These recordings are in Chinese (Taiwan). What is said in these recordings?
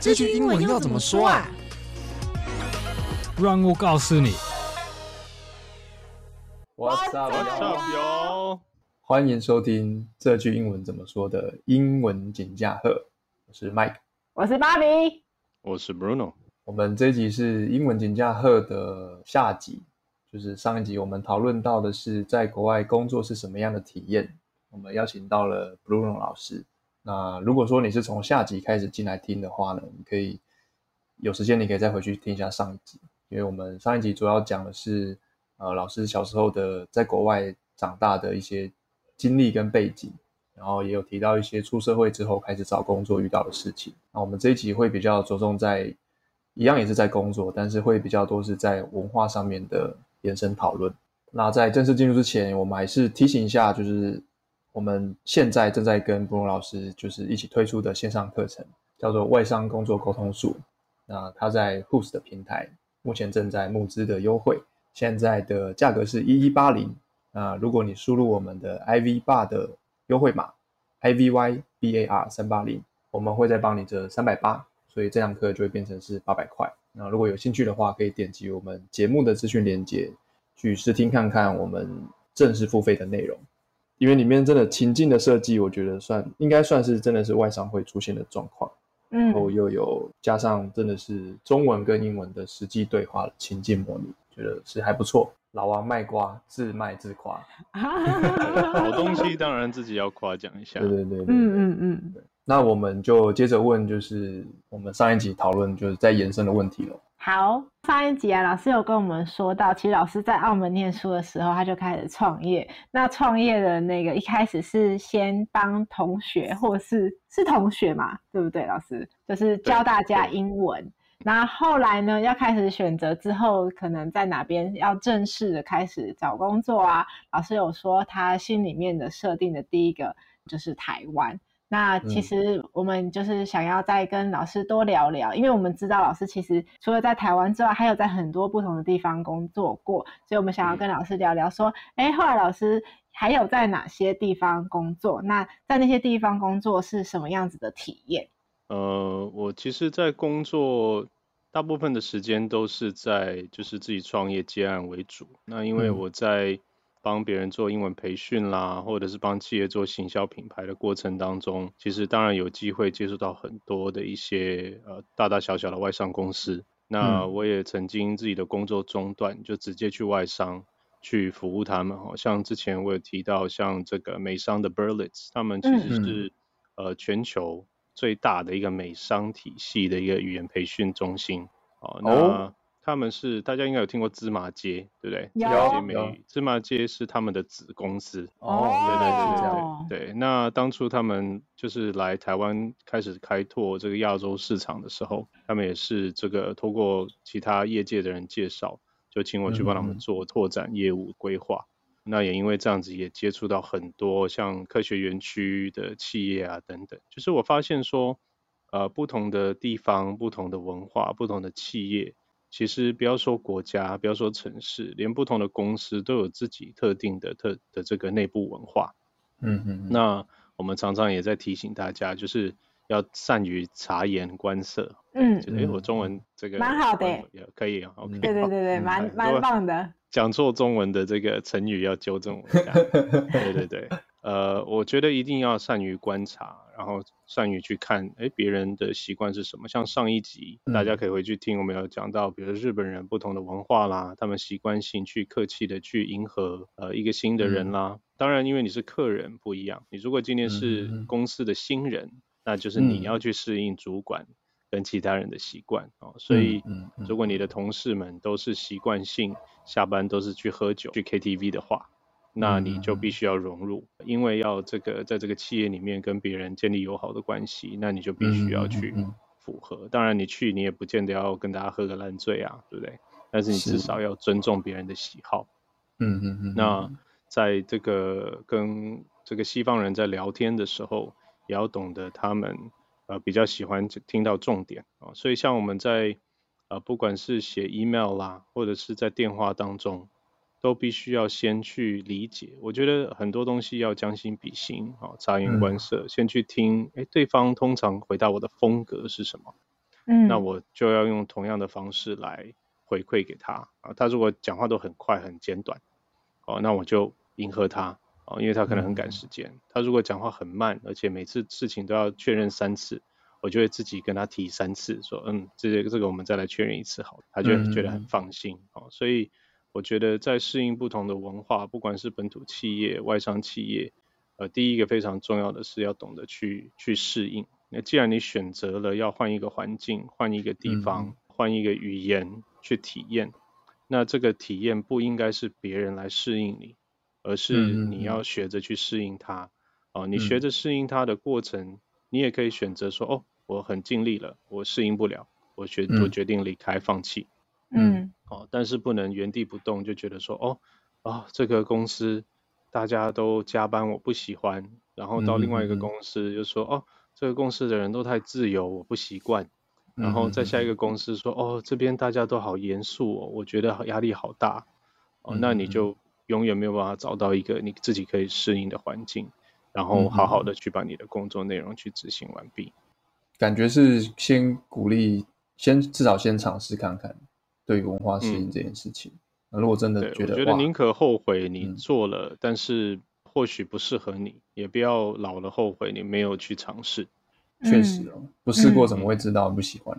這句英文要怎麼說啊？讓我、啊、告訴你。What's up, y'all！歡迎收聽這句英文怎麼說的英文金架厚。我是 Mike，我是 Barbie，我是 Bruno。我們這集是英文金架厚的下集，就是上一集我們討論到的是在國外工作是什麼樣的體驗。我們邀請到了 Bruno 老師。那如果說你是從下集開始進來聽的話呢，你可以有時間，你可以再回去聽一下上一集，因為我們上一集主要講的是呃老師小時候的在國外長大的一些經歷跟背景，然後也有提到一些出社會之後開始找工作遇到的事情。那我們這一集會比較着重在一樣也是在工作，但是會比較多是在文化上面的延伸討論。那在正式進入之前，我們還是提醒一下，就是。我們現在正在跟布隆老師就是一起推出的線上課程，叫做《外商工作溝通術》。那它在 Hoost 的平台目前正在募資的優惠，現在的價格是一一八零。那如果你輸入我們的 I V BAR 的優惠碼 I V Y B A R 三八零，我們會再幫你折三百八，所以這堂課就會變成是八百塊。那如果有興趣的話，可以點擊我們節目的資訊鏈接去試聽看看我們正式付費的內容。因為裡面真的情境的設計，我覺得算應該算是真的是外商會出現的狀況，嗯，然後又有加上真的是中文跟英文的實際對話情境模擬，覺得是還不錯。老王賣瓜，自賣自誇。 好東西當然自己要誇獎一下。對對對對，嗯嗯嗯。嗯嗯那我們就接着問，就是我們上一集討論就是在延伸的問題了。好，上一集啊，老師有跟我們說到，其實老師在澳門念書的時候，他就開始創業。那創業的那個一開始是先幫同學，或是是同學嘛，對不對，老師？就是教大家英文。那後來呢？要開始選擇之後，可能在哪邊要正式的開始找工作啊？老師有說他心裡面的設定的第一個就是台灣。那其實我們就是想要再跟老師多聊聊，嗯、因為我們知道老師其實除了在台灣之外，還有在很多不同的地方工作過，所以我們想要跟老師聊聊，說，哎、嗯，後來老師還有在哪些地方工作？那在那些地方工作是什麼樣子的體驗？呃，我其實在工作。大部分的時間都是在就是自己創業接案為主。那因為我在幫別人做英文培訓啦，嗯、或者是幫企業做行銷品牌的過程當中，其實當然有機會接觸到很多的一些呃大大小小的外商公司。嗯、那我也曾經自己的工作中斷，就直接去外商去服務他們。好像之前我有提到，像這個美商的 Berlitz，他們其實是、嗯、呃全球，最大的一個美商體系的一個語言培訓中心，oh? 哦，那他們是大家應該有聽過芝麻街，對不對？芝麻街是他們的子公司。哦，對 yeah. 對對對對，那當初他們就是來台灣開始開拓這個亞洲市場的時候，他們也是這個通過其他業界的人介紹，就請我去幫他們做拓展業務規劃。Mm hmm. 那也因為這樣子，也接觸到很多像科學園區的企業啊等等。就是我發現說，呃，不同的地方、不同的文化、不同的企業，其實不要說國家，不要說城市，連不同的公司都有自己特定的特的這個內部文化。嗯嗯。那我們常常也在提醒大家，就是要善於察言觀色。嗯。覺得、欸欸、我中文這個蠻好的，嗯、可以 okay。對對對對，蠻、okay, 蠻、嗯哦、棒的。講錯中文的這個成語要糾正我一下， 對對對，呃，我覺得一定要善於觀察，然後善於去看，哎，別人的習慣是什麼？像上一集大家可以回去聽，我們有講到，嗯、比如日本人不同的文化啦，他們習慣性去客氣的去迎合呃，一個新的人啦。嗯、當然，因為你是客人不一樣，你如果今天是公司的新人，嗯嗯，那就是你要去適應主管。嗯跟其他人的習慣啊，所以、嗯嗯嗯、如果你的同事們都是習慣性下班都是去喝酒、去 KTV 的話，那你就必須要融入，嗯嗯、因為要這個在這個企業裡面跟別人建立友好的關係，那你就必須要去符合。嗯嗯、當然，你去你也不見得要跟大家喝個爛醉啊，對不對？但是你至少要尊重別人的喜好。嗯嗯嗯。嗯嗯那在這個跟這個西方人在聊天的時候，也要懂得他們。呃，比較喜歡聽到重點啊、哦，所以像我們在呃，不管是寫 email 啦，或者是在電話當中，都必須要先去理解。我覺得很多東西要將心比心啊、哦，察言觀色，嗯、先去聽，誒、欸，對方通常回答我的風格是什麼？嗯，那我就要用同樣的方式來回饋給他啊。他如果講話都很快很簡短，哦，那我就迎合他。哦，因為他可能很趕時間，嗯、他如果講話很慢，而且每次事情都要確認三次，我就會自己跟他提三次，說嗯，這個這個我們再來確認一次好，他就覺得很放心。嗯嗯嗯、哦，所以我覺得在適應不同的文化，不管是本土企業、外商企業，呃，第一個非常重要的是要懂得去去適應。那既然你選擇了要換一個環境、換一個地方、嗯嗯、換一個語言去體驗，那這個體驗不應該是別人來適應你。而是你要學着去適應它，嗯嗯哦，你學着適應它的過程，嗯、你也可以選擇說，哦，我很盡力了，我適應不了，我決我決定離開放，放棄，嗯，嗯哦，但是不能原地不動，就覺得說，哦，哦，這個公司大家都加班，我不喜歡，然後到另外一個公司就說，嗯嗯嗯哦，這個公司的人都太自由，我不習慣，然後在下一個公司說，哦，這邊大家都好嚴肅、哦，我覺得壓力好大，哦，那你就。嗯嗯嗯永遠沒有辦法找到一個你自己可以適應的環境，然後好好的去把你的工作內容去執行完畢，嗯。感覺是先鼓勵，先至少先嘗試看看，對於文化適應這件事情。嗯、而如果真的覺得覺得寧可後悔你做了，嗯、但是或許不適合你，也不要老了後悔你沒有去嘗試。確、嗯、實哦、喔，不試過怎麼會知道、嗯、不喜歡？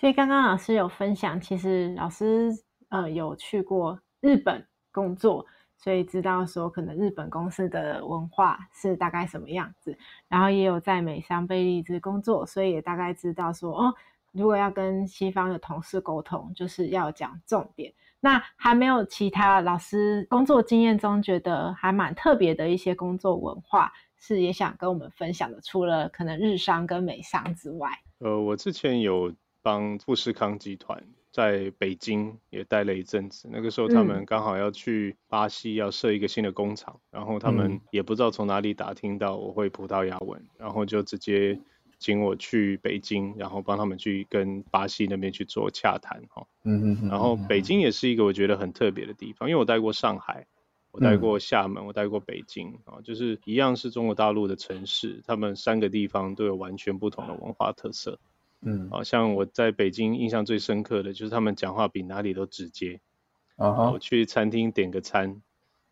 所以剛剛老師有分享，其實老師呃有去過日本工作。所以知道說可能日本公司的文化是大概什麼樣子，然後也有在美商、貝立茲工作，所以也大概知道說哦，如果要跟西方的同事溝通，就是要講重點。那還沒有其他老師工作經驗中覺得還蠻特別的一些工作文化是也想跟我們分享的，除了可能日商跟美商之外，呃，我之前有幫富士康集團。在北京也待了一陣子，那個時候他們剛好要去巴西要設一個新的工廠，嗯、然後他們也不知道從哪裡打聽到我會葡萄牙文，然後就直接請我去北京，然後幫他們去跟巴西那邊去做洽談哈。哦、嗯嗯。然後北京也是一個我覺得很特別的地方，因為我待過上海，我待過廈門，嗯、我待過北京啊，哦，就是一樣是中國大陸的城市，他們三個地方都有完全不同的文化特色。嗯，好像我在北京印象最深刻的，就是他們講話比哪裡都直接。啊我、uh huh. 去餐廳點個餐，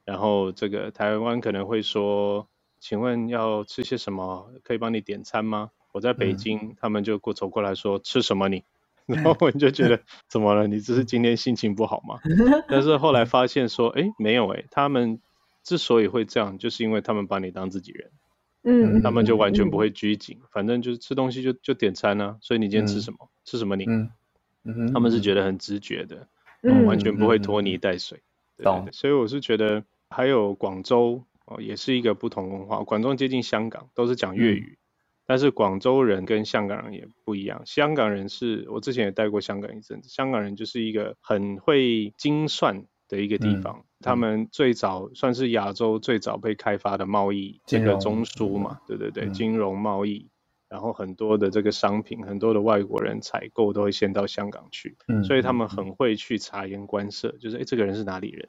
然後這個台灣可能會說，請問要吃些什麼？可以幫你點餐嗎？我在北京，嗯、他們就過走過來說吃什麼你？然後我就覺得 怎麼了？你只是今天心情不好嗎？ 但是後來發現說，哎、欸，沒有哎、欸，他們之所以會這樣，就是因為他們把你當自己人。嗯，他們就完全不會拘謹，嗯、反正就是吃東西就就點餐啊。所以你今天吃什麼？嗯、吃什麼？你，嗯，嗯他們是覺得很直覺的，嗯嗯、完全不會拖泥帶水，嗯、對，對，對，懂所以我是覺得還有廣州哦、呃，也是一個不同文化。廣州接近香港，都是講粵語，嗯、但是廣州人跟香港人也不一樣。香港人是我之前也待過香港一陣子，香港人就是一個很會精算的一個地方。嗯他們最早算是亞洲最早被開發的貿易這個中樞嘛，金融，對對對，金融貿易，嗯、然後很多的這個商品，很多的外國人採購都會先到香港去，嗯、所以他們很會去察言觀色，就是哎、欸，這個人是哪裡人，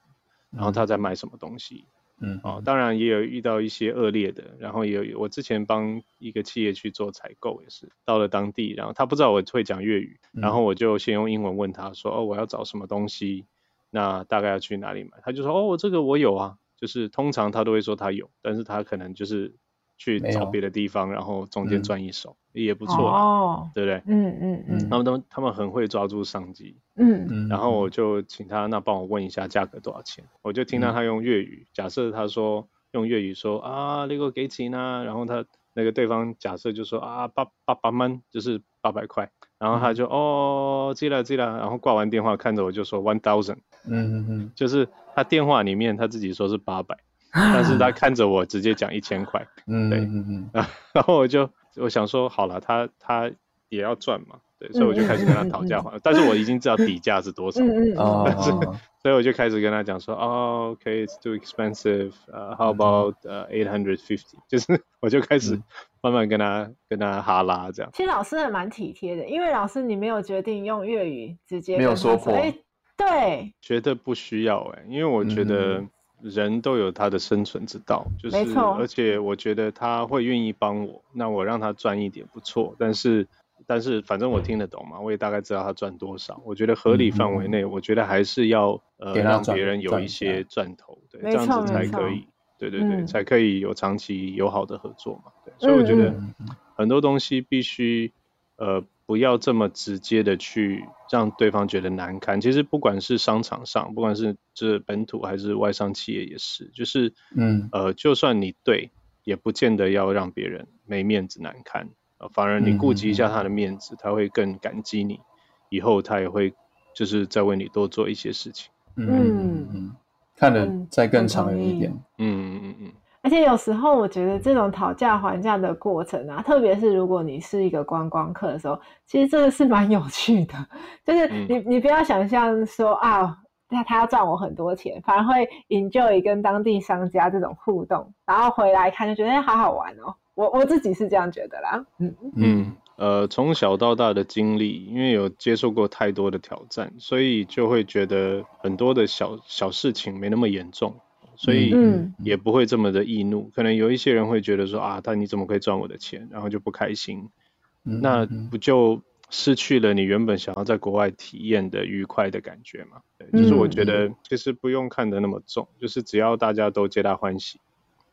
然後他在買什麼東西，嗯、哦，當然也有遇到一些惡劣的，然後也有我之前幫一個企業去做採購也是，到了當地，然後他不知道我會講粵語，然後我就先用英文問他說，哦，我要找什麼東西。那大概要去哪裡買？他就說：“哦，這個我有啊，就是通常他都會說他有，但是他可能就是去找別的地方，有然後中間賺一手、嗯、也不錯、啊、哦，對不對？嗯嗯嗯。他、嗯、們他們很會抓住商機，嗯嗯。然後我就請他那幫我問一下價格多少錢。嗯、我就聽到他用粵語，嗯、假設他說用粵語說啊，呢個幾錢啊？然後他那個對方假設就說啊八八百蚊，8, 8, 8, 8, 9, 就是八百塊。然後他就、嗯、哦，記得記得。然後掛完電話，看着我就說 one thousand。嗯嗯嗯，就是他電話裡面他自己說是八百，但是他看着我直接講一千塊。嗯，對，嗯，然後我就我想說好了，他他也要賺嘛，對，所以我就開始跟他討價還價。但是我已經知道底價是多少，所以所以我就開始跟他講說，哦，OK，it's too expensive，呃，how about 呃，eight hundred fifty？就是我就開始慢慢跟他跟他哈拉這樣。其實老師還蠻體貼的，因為老師你沒有決定用粵語直接，沒有說過。對，覺得不需要欸，因為我覺得人都有他的生存之道，就是，而且我覺得他會願意幫我，那我讓他賺一點不錯。但是，但是反正我聽得懂嘛，我也大概知道他賺多少，我覺得合理範圍內，我覺得還是要呃讓別人有一些賺頭，對，這樣子才可以，對對對，才可以有長期友好的合作嘛。對，所以我覺得很多東西必須呃。不要這麼直接的去讓對方覺得難堪。其實不管是商場上，不管是這本土還是外商企業，也是，就是，嗯，呃，就算你對，也不見得要讓別人沒面子難堪。呃，反而你顧及一下他的面子，嗯，他會更感激你，以後他也會就是再為你多做一些事情。嗯，嗯，看得再更長遠一點。嗯。嗯而且有時候我覺得這種討價還價的過程啊，特別是如果你是一個觀光客的時候，其實這個是蠻有趣的。就是你、嗯、你不要想象說啊，那他要賺我很多錢，反而會 enjoy 跟當地商家這種互動，然後回來看就覺得誒，好好玩哦。我我自己是這樣覺得啦。嗯，嗯，呃，從小到大的經歷，因為有接受過太多的挑戰，所以就會覺得很多的小小事情沒那麼嚴重。所以也不會這麼的易怒，嗯嗯、可能有一些人會覺得說啊，但你怎麼可以賺我的錢，然後就不開心，嗯嗯、那不就失去了你原本想要在國外體驗的愉快的感覺嗎？對，就是我覺得、嗯、其實不用看得那麼重，嗯、就是只要大家都皆大歡喜，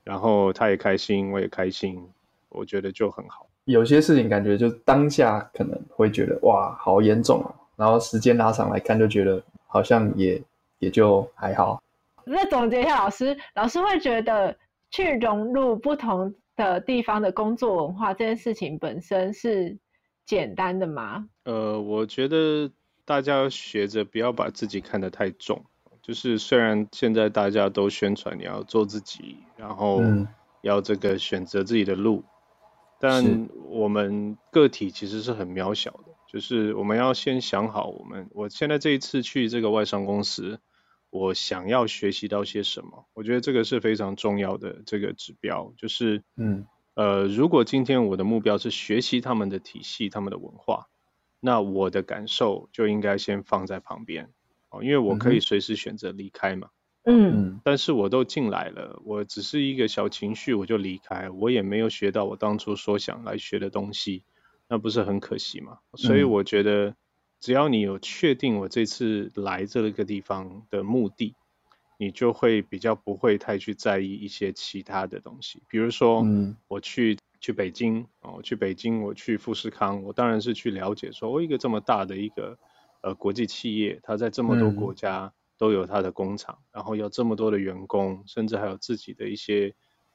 然後他也開心，我也開心，我覺得就很好。有些事情感覺就當下可能會覺得哇好嚴重哦、啊，然後時間拉長來看就覺得好像也也就還好。那總結一下，老師，老師會覺得去融入不同的地方的工作文化這件事情本身是簡單的嗎？呃，我覺得大家要學着不要把自己看得太重。就是雖然現在大家都宣傳你要做自己，然後要這個選擇自己的路，嗯、但我們個體其實是很渺小的。就是我們要先想好，我們我現在這一次去這個外商公司。我想要學習到些什麼？我覺得這個是非常重要的這個指標，就是，嗯，呃，如果今天我的目標是學習他們的體系、他們的文化，那我的感受就應該先放在旁邊，哦，因為我可以隨時選擇離開嘛。嗯。嗯。但是我都進來了，我只是一個小情緒我就離開，我也沒有學到我當初所想來學的東西，那不是很可惜嘛？所以我覺得。嗯只要你有確定我這次來這個地方的目的，你就會比較不會太去在意一些其他的東西。比如說，嗯，我去去北京啊，我去北京，我去富士康，我當然是去了解說我一個這麼大的一個呃國際企業，它在這麼多國家都有它的工廠，然後有這麼多的員工，甚至還有自己的一些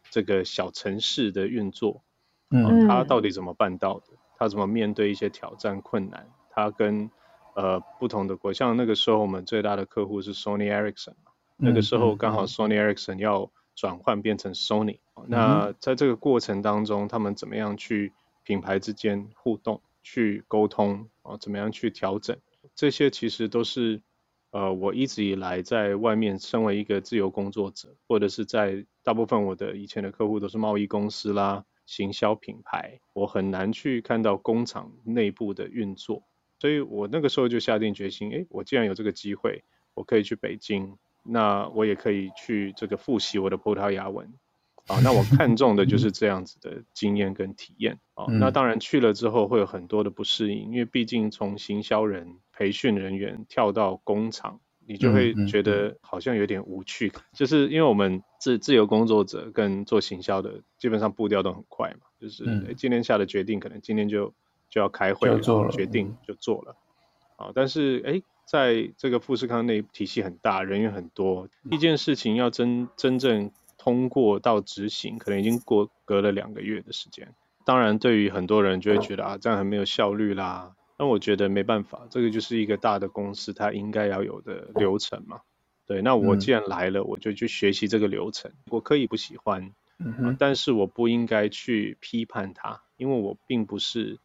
這個小城市的運作。嗯，他到底怎麼辦到的？他怎麼面對一些挑戰困難？他跟呃，不同的國，像那個時候我們最大的客戶是 Sony Ericsson，嗯、那個時候剛好 Sony Ericsson 要轉換變成 Sony，嗯、那在這個過程當中，嗯、他們怎麼樣去品牌之間互動、去溝通啊，怎麼樣去調整，這些其實都是呃，我一直以來在外面身為一個自由工作者，或者是在大部分我的以前的客戶都是貿易公司啦、行銷品牌，我很難去看到工廠內部的運作。所以我那個時候就下定決心，誒，我既然有這個機會，我可以去北京，那我也可以去這個複習我的葡萄牙文啊。那我看重的就是這樣子的經驗跟體驗啊。那當然去了之後會有很多的不適應，因為畢竟從行銷人、培訓人員跳到工廠，你就會覺得好像有點無趣。嗯嗯嗯、就是因為我們自自由工作者跟做行銷的，基本上步調都很快嘛，就是誒，今天下的決定，可能今天就。就要開會，做了決定就做了。嗯、好，但是誒，在這個富士康內部體系很大，人員很多，一件事情要真真正通過到執行，可能已經過隔了兩個月的時間。當然，對於很多人就會覺得好啊，這樣很沒有效率啦。那我覺得沒辦法，這個就是一個大的公司，它應該要有的流程嘛。對，那我既然來了，嗯、我就去學習這個流程。我可以不喜歡，嗯、哼但是我不應該去批判它，因為我並不是。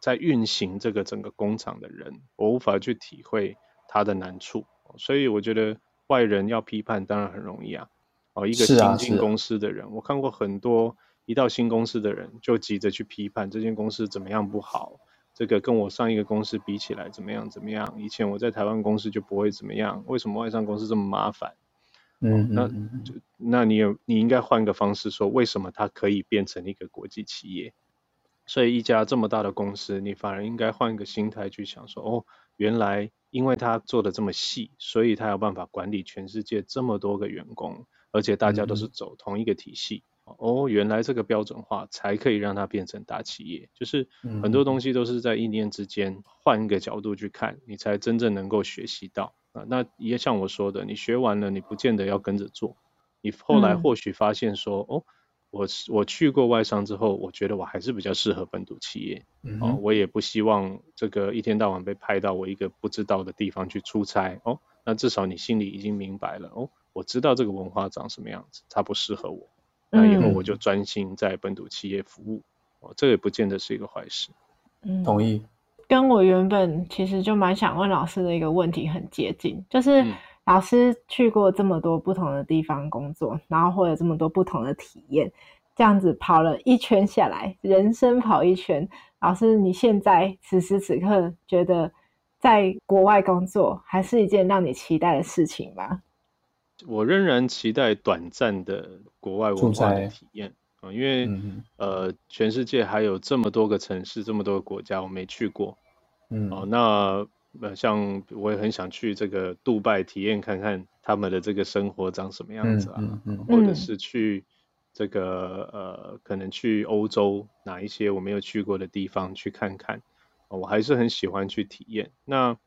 在運行這個整個工廠的人，我無法去體會他的難處，所以我覺得外人要批判當然很容易啊。哦，一個新進公司的人，啊啊、我看過很多，一到新公司的人就急着去批判這間公司怎麼樣不好，這個跟我上一個公司比起來怎麼樣怎麼樣，以前我在台灣公司就不會怎麼樣，為什麼外商公司這麼麻煩？嗯，嗯，嗯、哦，那就那你有你應該換個方式說，為什麼它可以變成一個國際企業？所以一家這麼大的公司，你反而應該換一個心態去想說，說哦，原來因為他做的這麼細，所以他有辦法管理全世界這麼多個員工，而且大家都是走同一個體系。嗯嗯，哦，原來這個標準化才可以讓它變成大企業，就是很多東西都是在一念之間，嗯嗯，換一個角度去看，你才真正能夠學習到啊。那也像我說的，你學完了，你不見得要跟着做，你後來或許發現說、嗯、哦。我我去過外商之後，我覺得我還是比較適合本土企業。嗯，哦，我也不希望這個一天到晚被派到我一個不知道的地方去出差哦。那至少你心裡已經明白了哦，我知道這個文化長什麼樣子，它不適合我。那以後我就專心在本土企業服務。嗯，哦，這個也不見得是一個壞事。嗯，同意。跟我原本其實就蠻想問老師的一個問題很接近，就是。嗯老師去過這麼多不同的地方工作，然後會有這麼多不同的體驗，這樣子跑了一圈下來，人生跑一圈。老師，你現在此時此刻覺得在國外工作還是一件讓你期待的事情嗎？我仍然期待短暫的國外文化的體驗，欸嗯嗯，因為，呃，全世界還有這麼多個城市，這麼多個國家我沒去過。嗯，那，嗯。呃，像我也很想去這個杜拜體驗看看他們的這個生活長什麼樣子啊，或者是去這個呃，可能去歐洲哪一些我沒有去過的地方去看看，我還是很喜歡去體驗。那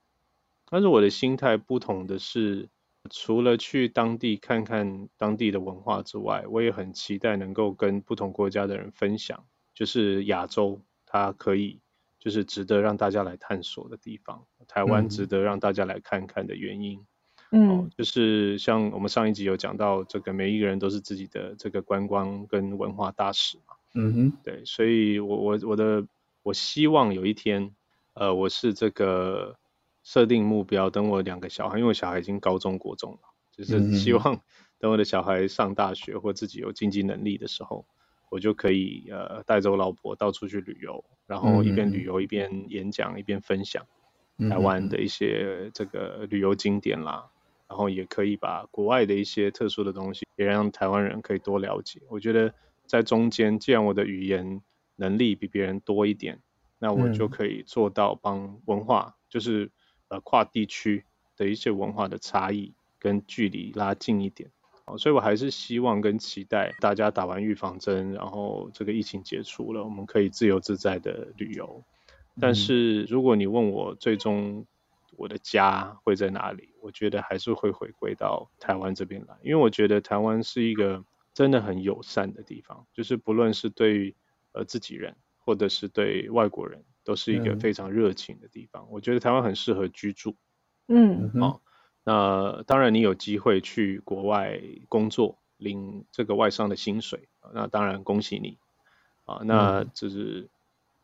但是我的心態不同的是，除了去當地看看當地的文化之外，我也很期待能夠跟不同國家的人分享，就是亞洲它可以。就是值得讓大家來探索的地方，台灣值得讓大家來看看的原因。嗯、哦，就是像我們上一集有講到，這個每一個人都是自己的這個觀光跟文化大使嘛。嗯哼。對，所以我我我的我希望有一天，呃，我是這個設定目標，等我兩個小孩，因為我小孩已經高中國中了，就是希望等我的小孩上大學或自己有經濟能力的時候。我就可以呃帶着我老婆到處去旅遊，然後一邊旅遊一邊演講一邊分享台灣的一些這個旅遊景點啦，然後也可以把國外的一些特殊的東西也讓台灣人可以多了解。我覺得在中間，既然我的語言能力比別人多一點，那我就可以做到把文化，就是呃跨地區的一些文化的差異跟距離拉近一點。所以，我還是希望跟期待大家打完預防針，然後這個疫情結束了，我們可以自由自在的旅遊。但是，如果你問我最終我的家會在哪裡，我覺得還是會回歸到台灣這邊來，因為我覺得台灣是一個真的很友善的地方，就是不論是對呃自己人或者是對外國人，都是一個非常熱情的地方。嗯、我覺得台灣很適合居住。嗯，好、嗯。嗯那當然，你有機會去國外工作，領這個外商的薪水，那當然恭喜你啊。那就是，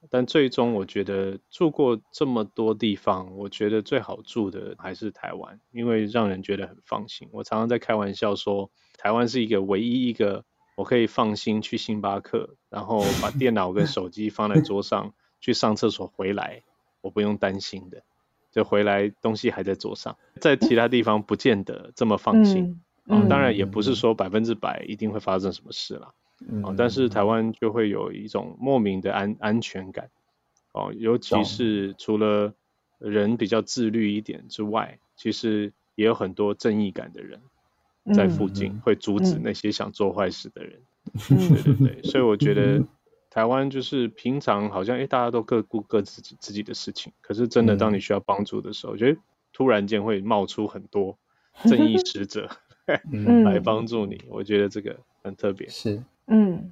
嗯、但最終我覺得住過這麼多地方，我覺得最好住的還是台灣，因為讓人覺得很放心。我常常在開玩笑說，台灣是一個唯一一個我可以放心去星巴克，然後把電腦跟手機放在桌上 去上廁所回來，我不用擔心的。就回來，東西還在桌上，在其他地方不見得這麼放心。嗯嗯啊、當然也不是說百分之百一定會發生什麼事啦、嗯啊。但是台灣就會有一種莫名的安安全感、啊。尤其是除了人比較自律一點之外，嗯、其實也有很多正義感的人在附近、嗯、會阻止那些想做壞事的人。嗯、對對對，所以我覺得。台灣就是平常好像哎、欸，大家都各顧各自己自己的事情。可是真的，當你需要幫助的時候，嗯、我覺得突然間會冒出很多正義使者、 嗯、 來幫助你。我覺得這個很特別。是，嗯，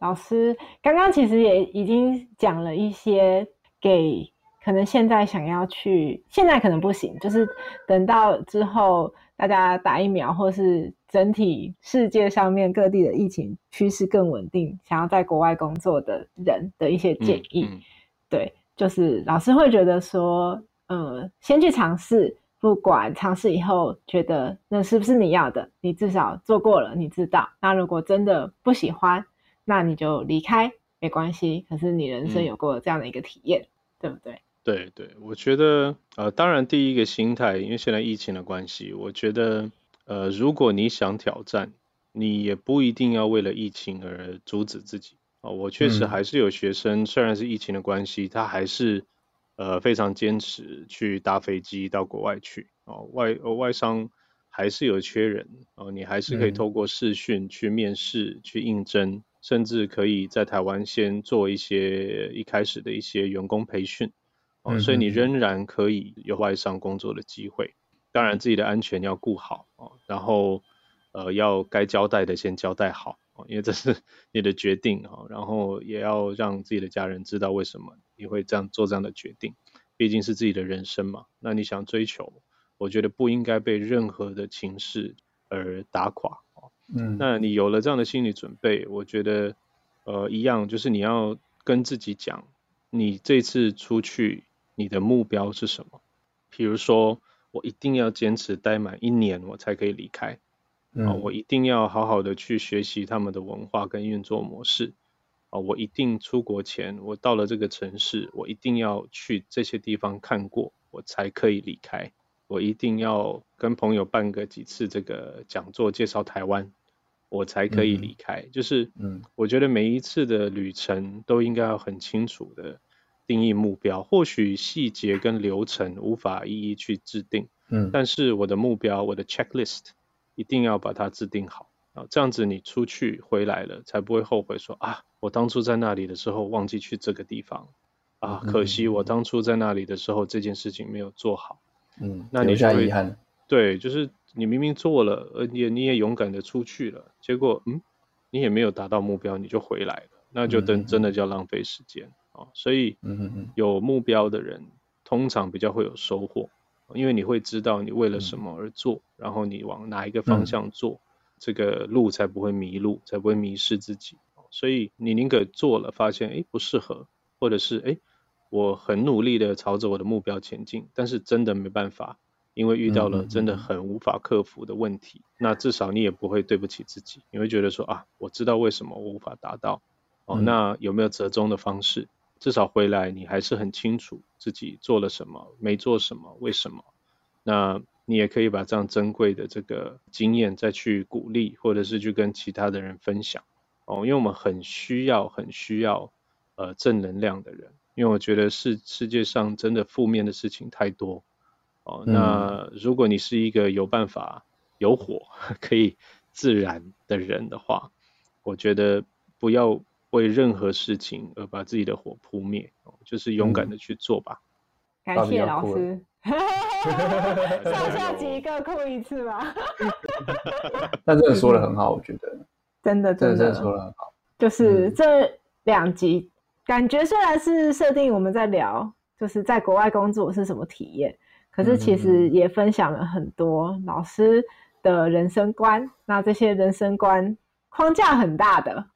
老師剛剛其實也已經講了一些，給可能現在想要去，現在可能不行，就是等到之後大家打疫苗或是。整體世界上面各地的疫情趨勢更穩定，想要在國外工作的人的一些建議。嗯嗯、對，就是老師會覺得說，呃、嗯，先去嘗試，不管嘗試以後覺得那是不是你要的，你至少做過了，你知道。那如果真的不喜歡，那你就離開，沒關係。可是你人生有過這樣的一個體驗，嗯、對不對？對對，我覺得，呃，當然第一個心態，因為現在疫情的關係，我覺得。呃，如果你想挑戰，你也不一定要為了疫情而阻止自己啊、哦。我確實還是有學生，嗯、雖然是疫情的關係，他還是呃非常堅持去搭飛機到國外去啊、哦。外、呃、外商還是有缺人啊、哦，你還是可以透過視訊去面試、嗯、去應徵，甚至可以在台灣先做一些一開始的一些員工培訓啊，哦、嗯嗯，所以你仍然可以有外商工作的機會。當然，自己的安全要顧好啊，然後呃，要該交代的先交代好，因為這是你的決定啊，然後也要讓自己的家人知道為什麼你會這樣做這樣的決定，畢竟是自己的人生嘛。那你想追求，我覺得不應該被任何的情緒而打垮，嗯、那你有了這樣的心理準備，我覺得呃，一樣就是你要跟自己講，你這次出去，你的目標是什麼？譬如說。我一定要堅持待滿一年，我才可以離開。嗯、啊，我一定要好好的去學習他們的文化跟運作模式。啊，我一定出國前，我到了這個城市，我一定要去這些地方看過，我才可以離開。我一定要跟朋友辦個幾次這個講座，介紹台灣，我才可以離開。嗯、就是，嗯，我覺得每一次的旅程都應該要很清楚的，定義目標，或許細節跟流程無法一一去制定，嗯，但是我的目標，我的 checklist 一定要把它制定好啊，這樣子你出去回來了，才不會後悔說啊，我當初在那裡的時候忘記去這個地方、嗯、啊，可惜我當初在那裡的時候這件事情沒有做好，嗯，那你就很遺憾，對，就是你明明做了，呃，你你也勇敢的出去了，結果嗯，你也沒有達到目標，你就回來了，那就等真的叫浪費時間。嗯嗯哦、所以有目標的人，mm hmm. 通常比較會有收穫，因為你會知道你為了什麼而做，mm hmm. 然後你往哪一個方向做，mm hmm. 這個路才不會迷路，才不會迷失自己。哦、所以你寧可做了發現，哎、欸，不適合，或者是哎、欸，我很努力的朝着我的目標前進，但是真的沒辦法，因為遇到了真的很無法克服的問題，mm hmm. 那至少你也不會對不起自己，你會覺得說啊，我知道為什麼我無法達到，哦，mm hmm. 那有沒有折中的方式？至少回來，你還是很清楚自己做了什麼，沒做什麼，為什麼？那你也可以把這樣珍貴的這個經驗再去鼓勵，或者是去跟其他的人分享哦。因為我們很需要、很需要呃正能量的人。因為我覺得世世界上真的負面的事情太多哦。那如果你是一個有辦法、有火可以自燃的人的話，我覺得不要，為任何事情而把自己的火撲滅，就是勇敢的去做吧！嗯、感謝老師。 上下集各哭一次吧。但 這個說的很好，我覺得真的真的對、這個、說的很好。就是這兩集、嗯、感覺雖然是設定我們在聊，就是在國外工作是什麼體驗，可是其實也分享了很多老師的人生觀。嗯、哼那這些人生觀框架很大的。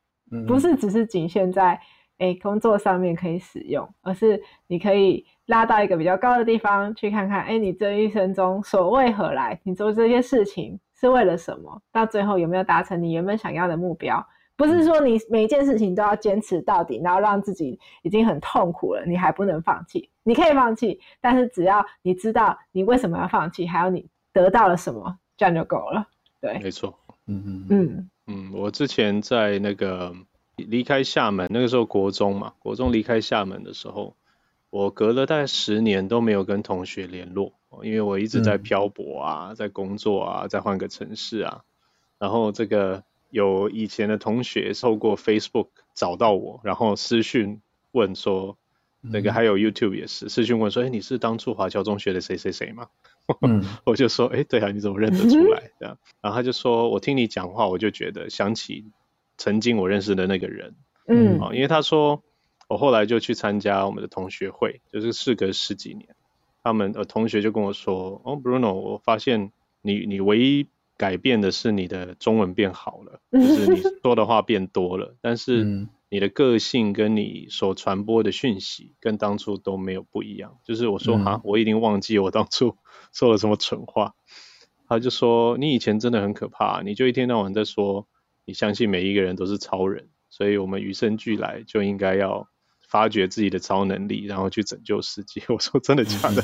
不是只是僅限在、欸、工作上面可以使用，而是你可以拉到一個比較高的地方去看看，哎、欸，你這一生中所為何來？你做這些事情是為了什麼？到最後有沒有達成你原本想要的目標？不是說你每件事情都要堅持到底，然後讓自己已經很痛苦了，你還不能放棄。你可以放棄，但是只要你知道你為什麼要放棄，還有你得到了什麼，這樣就夠了。對，沒錯。嗯嗯嗯，我之前在那個離開廈門，那個時候國中嘛，國中離開廈門的時候，我隔了大概十年都沒有跟同學聯絡，因為我一直在漂泊啊，在工作啊，在換個城市啊。嗯、然後這個有以前的同學透過 Facebook 找到我，然後私訊問說，那、嗯、個還有 YouTube 也是，私訊問說，哎，你是當初華僑中學的誰誰誰嗎？ 我就說，哎、欸，對啊，你怎麼認得出來？這樣，然後他就說，我聽你講話，我就覺得想起曾經我認識的那個人。嗯，啊，因為他說，我後來就去參加我們的同學會，就是事隔十幾年，他們的、呃、同學就跟我說，哦，Bruno，我發現你，你唯一改變的是你的中文變好了，就是你說的話變多了，嗯、但是你的個性跟你所傳播的訊息跟當初都沒有不一樣。就是我說，嗯、啊，我已經忘記我當初。說了什麼蠢話？他就說：“你以前真的很可怕，你就一天到晚在說你相信每一個人都是超人，所以我們與生俱來就應該要發掘自己的超能力，然後去拯救世界。”我說：“真的假的？”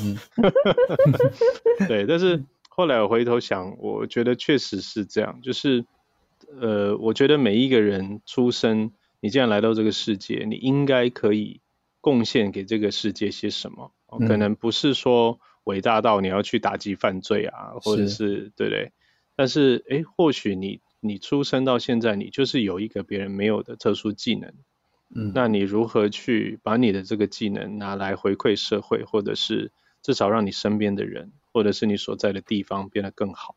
對，但是後來我回頭想，我覺得確實是這樣，就是呃，我覺得每一個人出生，你既然來到這個世界，你應該可以貢獻給這個世界些什麼？可能不是說。偉大到你要去打擊犯罪啊，或者是，是對不對？但是，誒，或許你你出生到現在，你就是有一個別人沒有的特殊技能，嗯，那你如何去把你的這個技能拿來回饋社會，或者是至少讓你身邊的人，或者是你所在的地方變得更好？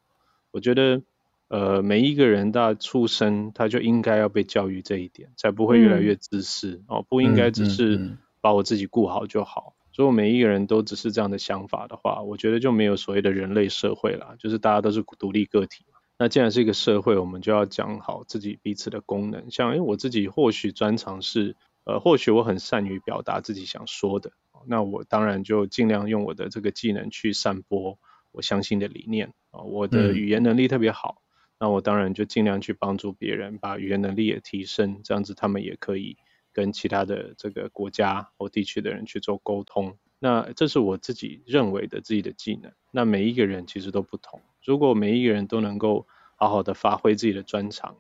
我覺得，呃，每一個人的出生，他就應該要被教育這一點，才不會越來越自私，嗯，哦，不應該只是把我自己顧好就好。嗯嗯嗯如果每一個人都只是這樣的想法的話，我覺得就沒有所謂的人類社會啦。就是大家都是獨立個體嘛。那既然是一個社會，我們就要講好自己彼此的功能。像因為我自己或許專長是呃，或許我很善於表達自己想說的。那我當然就盡量用我的這個技能去散播我相信的理念啊。我的語言能力特別好，嗯、那我當然就盡量去幫助別人，把語言能力也提升，這樣子他們也可以。跟其他的這個國家或地區的人去做溝通，那這是我自己認為的自己的技能。那每一個人其實都不同，如果每一個人都能夠好好的發揮自己的專長，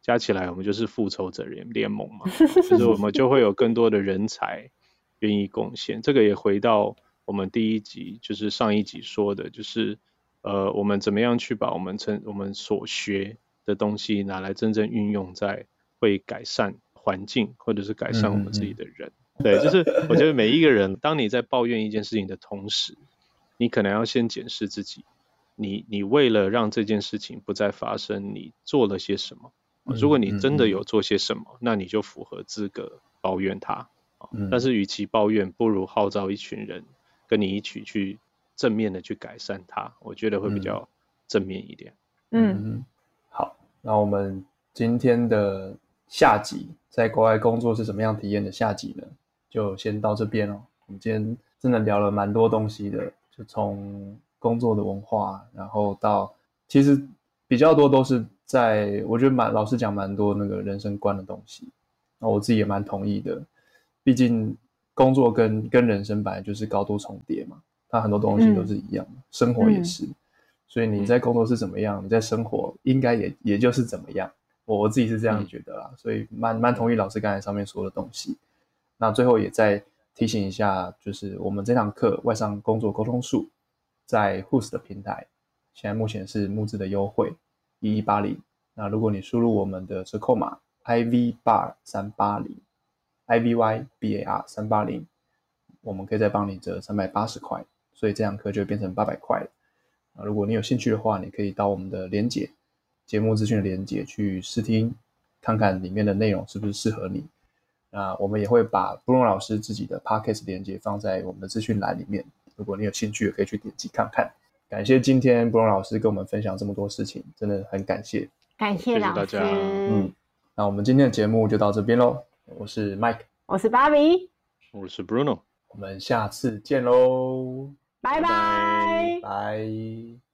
加起來我們就是復仇者聯盟嘛，就是我們就會有更多的人才願意貢獻。 這個也回到我們第一集，就是上一集說的，就是呃，我們怎麼樣去把我們曾我們所學的東西拿來真正運用在會改善。環境，或者是改善我們自己的人，嗯嗯對，就是我覺得每一個人， 當你在抱怨一件事情的同時，你可能要先檢視自己，你你為了讓這件事情不再發生，你做了些什麼？如果你真的有做些什麼，嗯嗯嗯那你就符合資格抱怨他。哦，但是，與其抱怨，不如號召一群人跟你一起去正面的去改善它。我覺得會比較正面一點。嗯，嗯嗯好，那我們今天的，嗯。下集在國外工作是怎麼樣體驗的？下集呢，就先到這邊哦，我們今天真的聊了蠻多東西的，就從工作的文化，然後到其實比較多都是在我覺得蠻老師講蠻多那個人生觀的東西，那我自己也蠻同意的。畢竟工作跟跟人生本來就是高度重疊嘛，它很多東西都是一樣，嗯、生活也是。嗯、所以你在工作是怎麼樣，你在生活應該也也就是怎麼樣。我我自己是這樣覺得啦，所以蠻蠻同意老師剛才上面說的東西。那最後也再提醒一下，就是我們這堂課外商工作溝通術，在 hoost 的平台，現在目前是募資的優惠一一八零。嗯、那如果你輸入我們的折扣碼 IVY BAR 三八零 I V Y B A R 三八零，我們可以再幫你折三百八十塊，所以這堂課就變成八百塊了。啊，如果你有興趣的話，你可以到我們的鏈接。節目資訊的鏈接去試聽，看看裡面的內容是不是適合你。那我們也會把 Bruno 老師自己的 podcast 連接放在我們的資訊欄裡面，如果你有興趣，也可以去點擊看看。感謝今天 Bruno 老師跟我們分享這麼多事情，真的很感謝。感謝大家。嗯，那我們今天的節目就到這邊嘍。我是 Mike，我是 Bobby，我是 Bruno，我們下次見嘍，拜拜 bye，拜 bye。